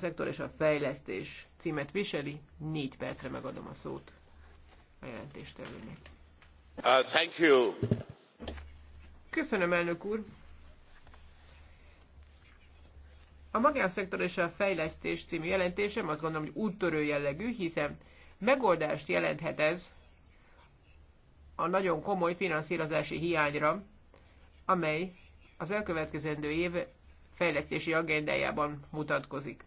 szektor és a fejlesztés címet viseli. Négy percre megadom a szót a jelentéstevőnek. Uh, thank you. Köszönöm, elnök úr. A magánszektor és a fejlesztés című jelentésem azt gondolom, hogy úttörő jellegű, hiszen megoldást jelenthet ez a nagyon komoly finanszírozási hiányra, amely az elkövetkezendő év fejlesztési agendájában mutatkozik.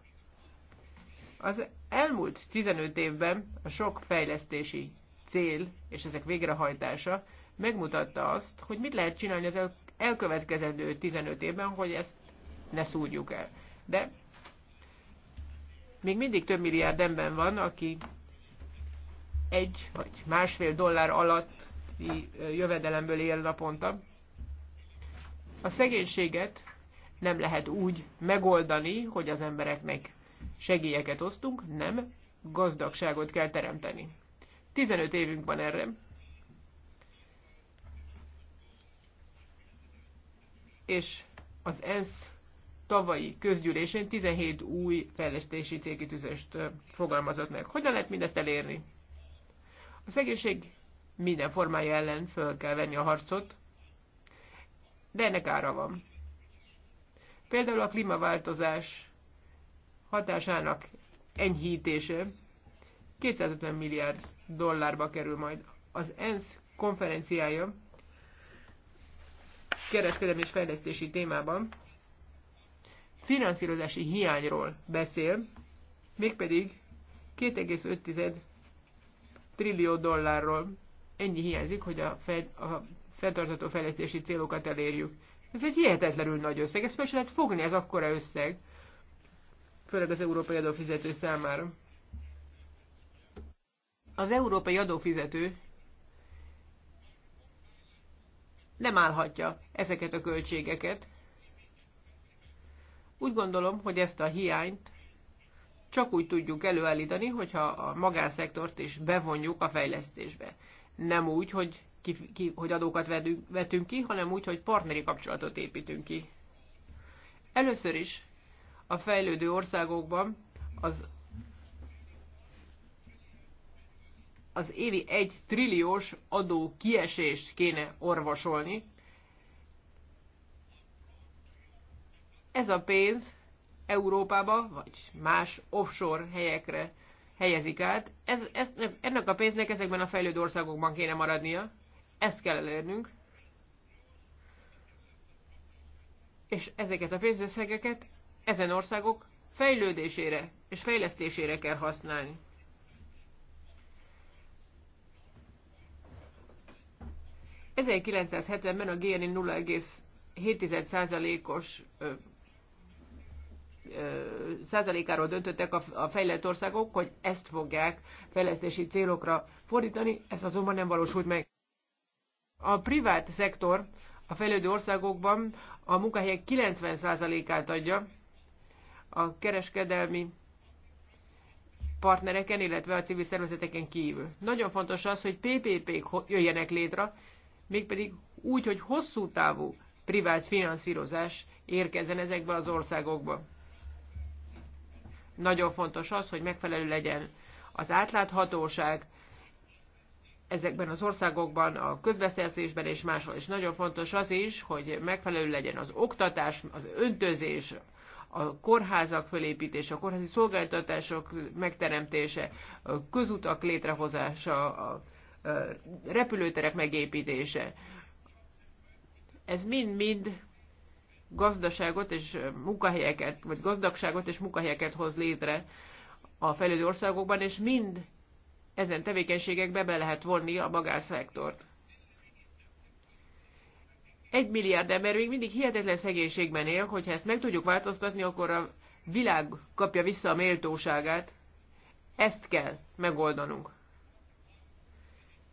Az elmúlt 15 évben a sok fejlesztési cél és ezek végrehajtása megmutatta azt, hogy mit lehet csinálni az elkövetkezendő 15 évben, hogy ezt ne szúrjuk el. De még mindig több milliárd ember van, aki egy vagy másfél dollár alatti jövedelemből él naponta. A szegénységet nem lehet úgy megoldani, hogy az embereknek segélyeket osztunk, nem, gazdagságot kell teremteni. 15 évünk van erre. És az ENSZ tavalyi közgyűlésén 17 új fejlesztési cégkitűzést fogalmazott meg. Hogyan lehet mindezt elérni? A szegénység minden formája ellen föl kell venni a harcot, de ennek ára van. Például a klímaváltozás hatásának enyhítése 250 milliárd dollárba kerül majd. Az ENSZ konferenciája kereskedelmi és fejlesztési témában finanszírozási hiányról beszél, mégpedig 2,5 trillió dollárról. Ennyi hiányzik, hogy a, fed, a fenntartható fejlesztési célokat elérjük. Ez egy hihetetlenül nagy összeg, ezt fel lehet fogni, ez akkora összeg főleg az európai adófizető számára. Az európai adófizető nem állhatja ezeket a költségeket. Úgy gondolom, hogy ezt a hiányt csak úgy tudjuk előállítani, hogyha a magánszektort is bevonjuk a fejlesztésbe. Nem úgy, hogy, ki, ki, hogy adókat vetünk ki, hanem úgy, hogy partneri kapcsolatot építünk ki. Először is a fejlődő országokban az, az évi egy trilliós adó kiesést kéne orvosolni. Ez a pénz Európába vagy más offshore helyekre helyezik át. Ez, ez, ennek a pénznek ezekben a fejlődő országokban kéne maradnia. Ezt kell elérnünk. És ezeket a pénzösszegeket ezen országok fejlődésére és fejlesztésére kell használni. Ezen 1970-ben a GNI 0,7%-os százalékáról döntöttek a fejlett országok, hogy ezt fogják fejlesztési célokra fordítani, ez azonban nem valósult meg. A privát szektor a fejlődő országokban a munkahelyek 90%-át adja, a kereskedelmi partnereken, illetve a civil szervezeteken kívül. Nagyon fontos az, hogy PPP-k jöjjenek létre, mégpedig úgy, hogy hosszú távú privát finanszírozás érkezzen ezekbe az országokba. Nagyon fontos az, hogy megfelelő legyen az átláthatóság ezekben az országokban, a közbeszerzésben és máshol. És nagyon fontos az is, hogy megfelelő legyen az oktatás, az öntözés, a kórházak fölépítése, a kórházi szolgáltatások megteremtése, a közutak létrehozása, a repülőterek megépítése. Ez mind-mind gazdaságot és munkahelyeket, vagy gazdagságot és munkahelyeket hoz létre a fejlődő országokban, és mind ezen tevékenységekbe be lehet vonni a magánszektort. Egy milliárd ember még mindig hihetetlen szegénységben él, hogyha ezt meg tudjuk változtatni, akkor a világ kapja vissza a méltóságát. Ezt kell megoldanunk.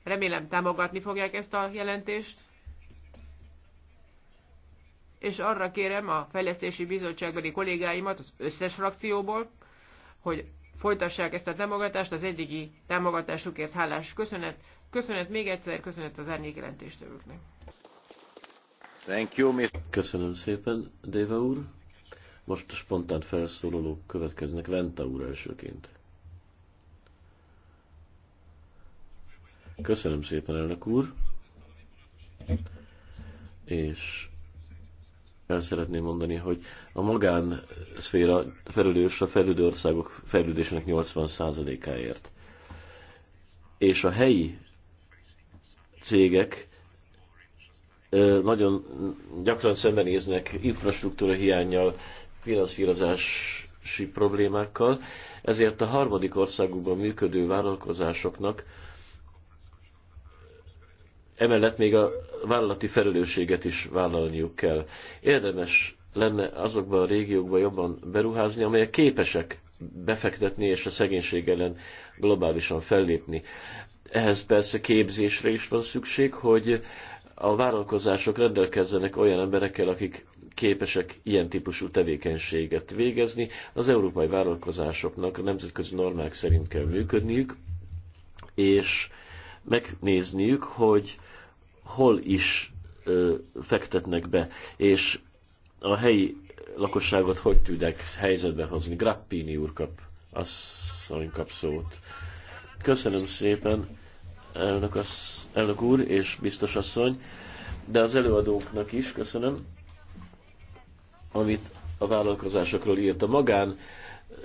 Remélem támogatni fogják ezt a jelentést. És arra kérem a Fejlesztési Bizottságbeli kollégáimat az összes frakcióból, hogy folytassák ezt a támogatást, az eddigi támogatásukért hálás köszönet. Köszönet még egyszer, köszönet az árnyék jelentéstevőknek. Köszönöm szépen, Déva úr. Most a spontán felszólalók következnek Venta úr elsőként. Köszönöm szépen, elnök úr. És el szeretném mondani, hogy a magán szféra felülős a fejlődő országok fejlődésének 80%-áért. És a helyi cégek nagyon gyakran szembenéznek infrastruktúra hiányjal, finanszírozási problémákkal, ezért a harmadik országokban működő vállalkozásoknak emellett még a vállalati felelősséget is vállalniuk kell. Érdemes lenne azokban a régiókban jobban beruházni, amelyek képesek befektetni és a szegénység ellen globálisan fellépni. Ehhez persze képzésre is van szükség, hogy a vállalkozások rendelkezzenek olyan emberekkel, akik képesek ilyen típusú tevékenységet végezni. Az európai vállalkozásoknak a nemzetközi normák szerint kell működniük, és megnézniük, hogy hol is ö, fektetnek be, és a helyi lakosságot hogy tudják helyzetbe hozni. Grappini úr kap, asszony kap szót. Köszönöm szépen elnök, az elnök úr és biztos asszony, de az előadóknak is köszönöm, amit a vállalkozásokról írt. A magán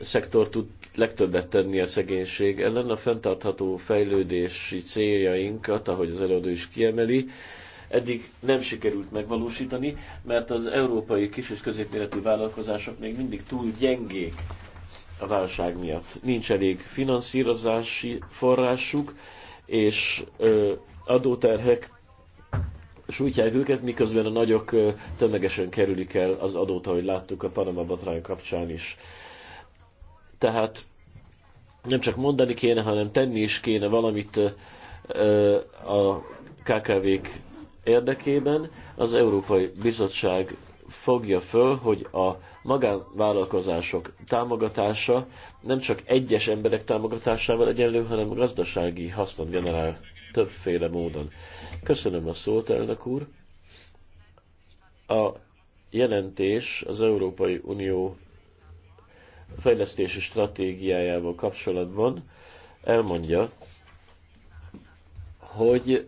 szektor tud legtöbbet tenni a szegénység ellen. A fenntartható fejlődési céljainkat, ahogy az előadó is kiemeli, eddig nem sikerült megvalósítani, mert az európai kis és középméretű vállalkozások még mindig túl gyengék a válság miatt. Nincs elég finanszírozási forrásuk, és adóterhek sújtják őket, miközben a nagyok tömegesen kerülik el az adót, ahogy láttuk a Panama Batrán kapcsán is. Tehát nem csak mondani kéne, hanem tenni is kéne valamit a KKV-k érdekében. Az Európai Bizottság fogja föl, hogy a magánvállalkozások támogatása nem csak egyes emberek támogatásával egyenlő, hanem a gazdasági hasznot generál többféle módon. Köszönöm a szót, elnök úr. A jelentés az Európai Unió fejlesztési stratégiájával kapcsolatban elmondja, hogy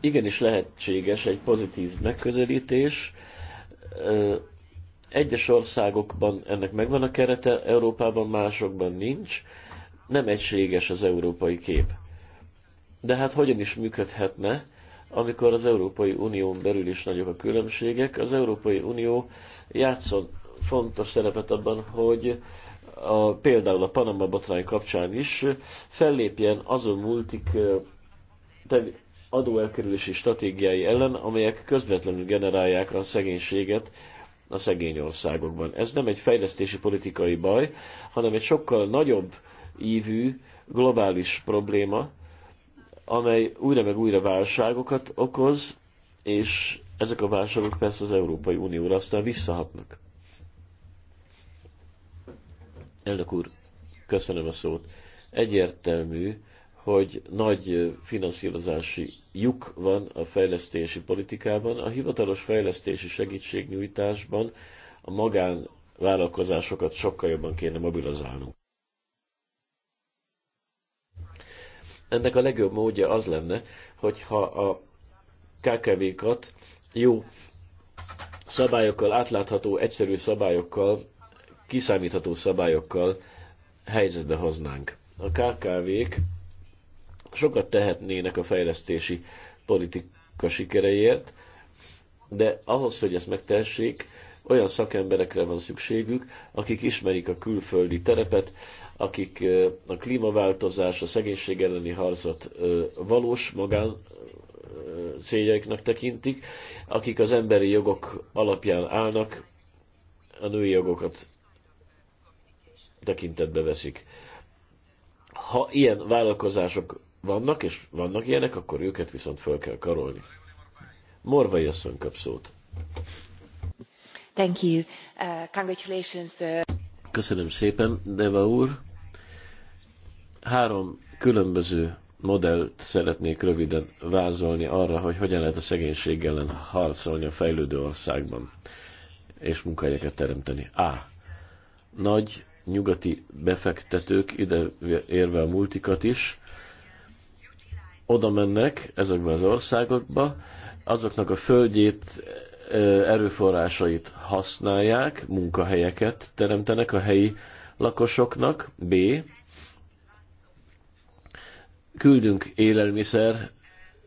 igenis lehetséges egy pozitív megközelítés, egyes országokban ennek megvan a kerete, Európában másokban nincs. Nem egységes az európai kép. De hát hogyan is működhetne, amikor az Európai Unión belül is nagyok a különbségek. Az Európai Unió játszott fontos szerepet abban, hogy a, például a Panama botrány kapcsán is fellépjen azon multik adóelkerülési stratégiái ellen, amelyek közvetlenül generálják a szegénységet a szegény országokban. Ez nem egy fejlesztési politikai baj, hanem egy sokkal nagyobb ívű globális probléma, amely újra meg újra válságokat okoz, és ezek a válságok persze az Európai Unióra aztán visszahatnak. Elnök úr, köszönöm a szót. Egyértelmű, hogy nagy finanszírozási lyuk van a fejlesztési politikában. A hivatalos fejlesztési segítségnyújtásban a magánvállalkozásokat sokkal jobban kéne mobilizálnunk. Ennek a legjobb módja az lenne, hogyha a KKV-kat jó szabályokkal, átlátható, egyszerű szabályokkal, kiszámítható szabályokkal helyzetbe hoznánk. A KKV-k sokat tehetnének a fejlesztési politika sikereiért, de ahhoz, hogy ezt megtehessék, olyan szakemberekre van szükségük, akik ismerik a külföldi terepet, akik a klímaváltozás, a szegénység elleni harcot valós magán céljaiknak tekintik, akik az emberi jogok alapján állnak, a női jogokat tekintetbe veszik. Ha ilyen vállalkozások vannak, és vannak ilyenek, akkor őket viszont föl kell karolni. Morvai Jasson kap szót. Thank you. Uh, congratulations. Uh, Köszönöm szépen, Deva úr. Három különböző modellt szeretnék röviden vázolni arra, hogy hogyan lehet a szegénység ellen harcolni a fejlődő országban, és munkahelyeket teremteni. A. Nagy nyugati befektetők, ide érve a multikat is, oda mennek ezekbe az országokba, azoknak a földjét, erőforrásait használják, munkahelyeket teremtenek a helyi lakosoknak. B. Küldünk élelmiszer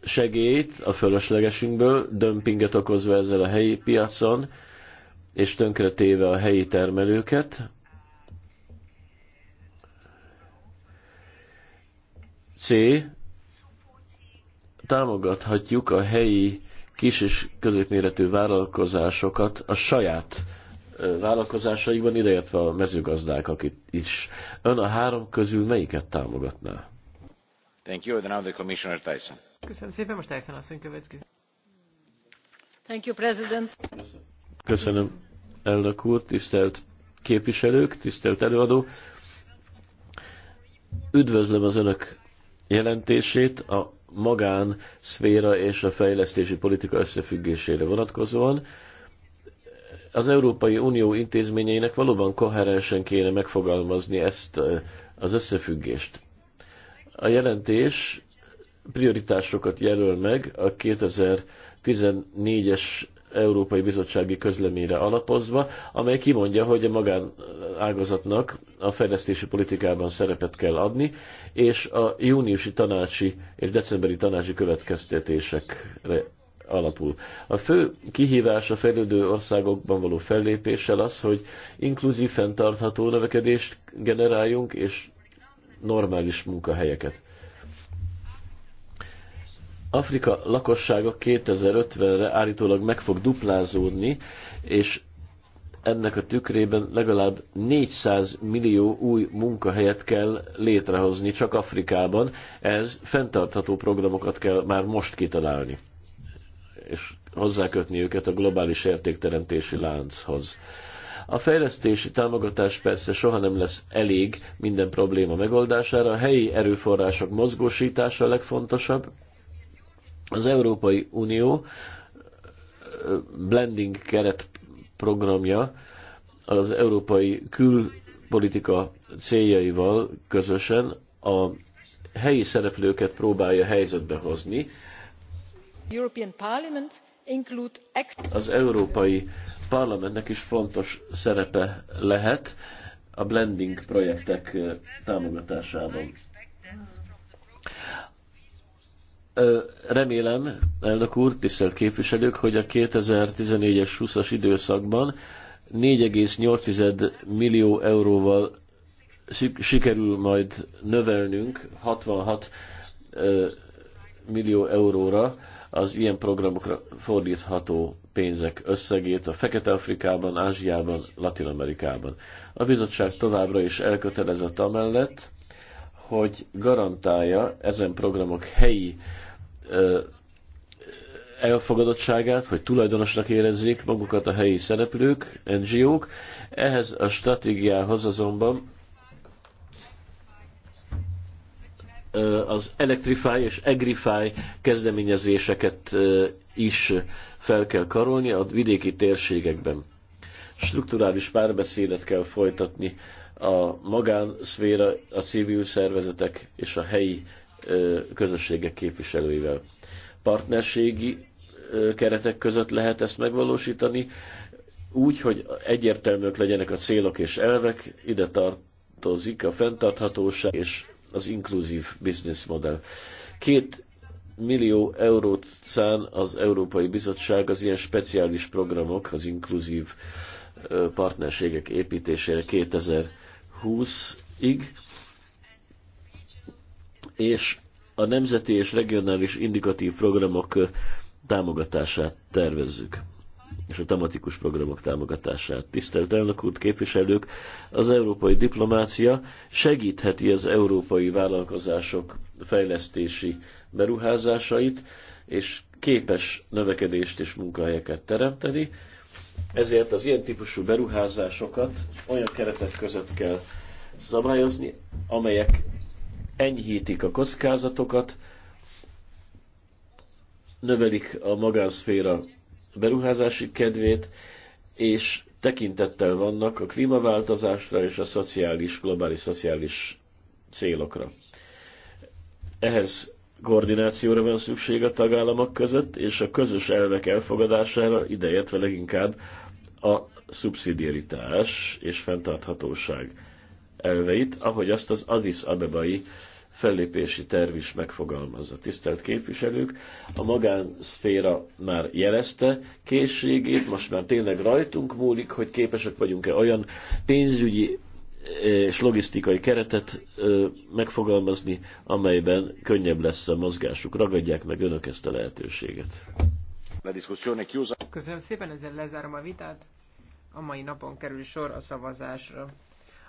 segélyt a fölöslegesünkből, dömpinget okozva ezzel a helyi piacon, és tönkretéve a helyi termelőket. C támogathatjuk a helyi kis és középméretű vállalkozásokat a saját vállalkozásaikban, ideértve a mezőgazdák, akit is. Ön a három közül melyiket támogatná? Thank you. Now the Commissioner Tyson. Köszönöm szépen, most Tyson asszony következő. Thank you, President. Köszönöm. Köszönöm, elnök úr, tisztelt képviselők, tisztelt előadó. Üdvözlöm az önök jelentését. A magán szféra és a fejlesztési politika összefüggésére vonatkozóan. Az Európai Unió intézményeinek valóban koherensen kéne megfogalmazni ezt az összefüggést. A jelentés prioritásokat jelöl meg a 2014-es Európai Bizottsági Közleményre alapozva, amely kimondja, hogy a magánágazatnak a fejlesztési politikában szerepet kell adni, és a júniusi tanácsi és decemberi tanácsi következtetésekre alapul. A fő kihívás a fejlődő országokban való fellépéssel az, hogy inkluzív, fenntartható növekedést generáljunk, és normális munkahelyeket. Afrika lakossága 2050-re állítólag meg fog duplázódni, és ennek a tükrében legalább 400 millió új munkahelyet kell létrehozni csak Afrikában. Ez fenntartható programokat kell már most kitalálni, és hozzákötni őket a globális értékteremtési lánchoz. A fejlesztési támogatás persze soha nem lesz elég minden probléma megoldására, a helyi erőforrások mozgósítása a legfontosabb, az Európai Unió blending keret programja az európai külpolitika céljaival közösen a helyi szereplőket próbálja helyzetbe hozni. Az Európai Parlamentnek is fontos szerepe lehet a blending projektek támogatásában remélem, elnök úr, tisztelt képviselők, hogy a 2014-es 20-as időszakban 4,8 millió euróval sikerül majd növelnünk 66 millió euróra az ilyen programokra fordítható pénzek összegét a Fekete-Afrikában, Ázsiában, Latin-Amerikában. A bizottság továbbra is elkötelezett amellett, hogy garantálja ezen programok helyi elfogadottságát, hogy tulajdonosnak érezzék magukat a helyi szereplők, NGO-k. Ehhez a stratégiához azonban az Electrify és Agrify kezdeményezéseket is fel kell karolni a vidéki térségekben. Strukturális párbeszédet kell folytatni a magánszféra, a civil szervezetek és a helyi közösségek képviselőivel. Partnerségi keretek között lehet ezt megvalósítani, úgy, hogy egyértelműek legyenek a célok és elvek, ide tartozik a fenntarthatóság és az inkluzív business model. Két millió eurót szán az Európai Bizottság az ilyen speciális programok, az inkluzív partnerségek építésére 2020-ig és a nemzeti és regionális indikatív programok támogatását tervezzük és a tematikus programok támogatását. Tisztelt elnök úr, képviselők, az európai diplomácia segítheti az európai vállalkozások fejlesztési beruházásait, és képes növekedést és munkahelyeket teremteni, ezért az ilyen típusú beruházásokat olyan keretek között kell szabályozni, amelyek enyhítik a kockázatokat, növelik a magánszféra beruházási kedvét, és tekintettel vannak a klímaváltozásra és a szociális, globális szociális célokra. Ehhez koordinációra van szükség a tagállamok között, és a közös elvek elfogadására ideértve leginkább a szubszidiaritás és fenntarthatóság elveit, ahogy azt az Addis Abebai fellépési terv is megfogalmazza. Tisztelt képviselők, a magánszféra már jelezte készségét, most már tényleg rajtunk múlik, hogy képesek vagyunk-e olyan pénzügyi és logisztikai keretet megfogalmazni, amelyben könnyebb lesz a mozgásuk. Ragadják meg önök ezt a lehetőséget. Köszönöm szépen, ezzel lezárom a vitát. A mai napon kerül sor a szavazásra.